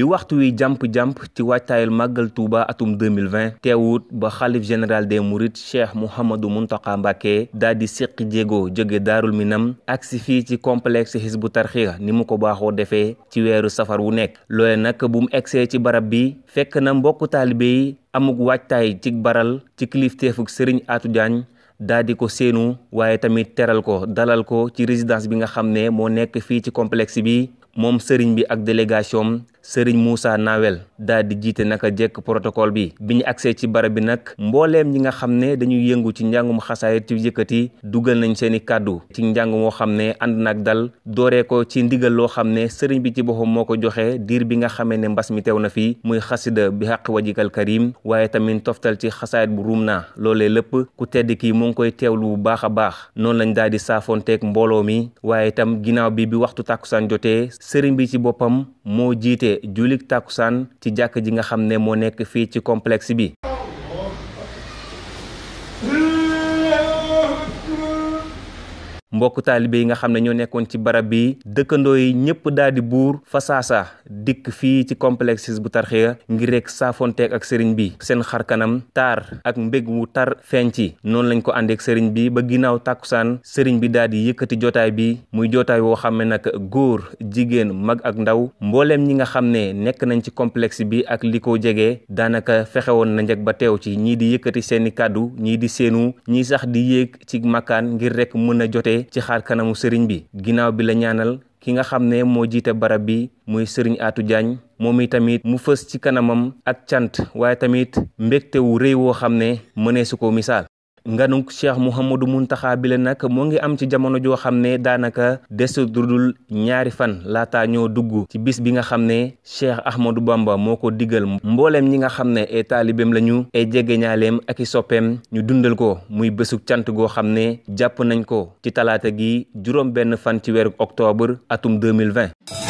li waxtu wi jàmp-jàmp ci waajtaayal màggal Touba atum 2020 teewut ba xalif général de murit cheikh Mouhamadou Mountakha Mbacké daal di séqi jéego jóge daarul minam ak si fii ci complexe Hizbu Tarxiya ni mu ko baaxoo defee ci weeru safar wu nekk loole nag bu mu egsee ci barab bi fekk na mbokku taalibe yi amuk waajtaay ci baral ci kilifteefuk Serigne Atou Diagne daa di ko séenu waaye tamit teral ko dalal ko ci résidence bi nga xam ne moo nekk fii ci complexe bi moom sëriñ bi ak délégation sëriñ Moussa Nawel daal di jiite naka jekk protocole bi bi ñu agsee ci barab bi nag mbooleem ñi nga xam ne dañuy yëngu ci njàngum xasaayit ci yëkkati dugal nañ seen i kàddu ci njàng moo xam ne ànd nag dal doore ko ci ndigal loo xam ne sëriñ bi ci boppam moo ko joxe diir bi nga xamee ne mbas mi teew na fi muy xasida bi xaq wajikal karim waaye tamit toftal ci xasaayit bu ruum naa loolee lépp ku tedd kii mu ngi koy teewlu bu baax a baax noonu lañ daal di saafonteeg mbooloo mi waaye itam bi bi waxtu tàkkusaan jotee sëriñ bi ci boppam moo jiite jullik takusaan ci jàkk ji nga xam ne moo nekk fii ci complexe bi mbokk taalibe yi nga xam ne ñoo nekkoon ci barab bi dëkkandoo yi ñëpp daal di buur fasaasa dikk fii ci complexe bu tarxiya ngir rek saafonteeg ak sëriñ bi seen xar kanam taar ak mbég wu tar feeñ ci noonu lañ ko àndeek sëriñ bi ba ginnaaw tàkkusaan sëriñ bi daal yëkkati jotaay bi muy jotaay woo xam ne nag góor jigéen mag ak ndaw mbooleem ñi nga xam ne nekk nañ ci complexe bi ak li ko jege daanaka fexewoon na njëg ba teew ci ñii di yëkkati seeni kàddu ñii di seenu ñii sax di yéeg ci makkaan ngir rek mën a jotee ci xaar kanamu sëriñ bi ginnaaw bi la ñaanal ki nga xam ne moo jiite barab bi muy sëriñ Atou Diagne moom itamit mu fës ci kanamam ak cant waaye tamit mbégte wu rëy woo xam ne mënee ko misaal nganuk cheikh mouhamadou muntaxa bi la nag moo ngi am ci jamono joo xam ne daanaka desadudul ñaari fan laata ñoo dugg ci bis bi nga xam ne cheikh ahmadou bamba moo ko digal mbooleem ñi nga xam ne ay taalibeem lañu ay jegeñaaleem ak i soppeem ñu dundal ko muy bésug cant goo xam ne jàpp nañ ko ci talaata gi juróom benn fan ci weeru octobre atum 2020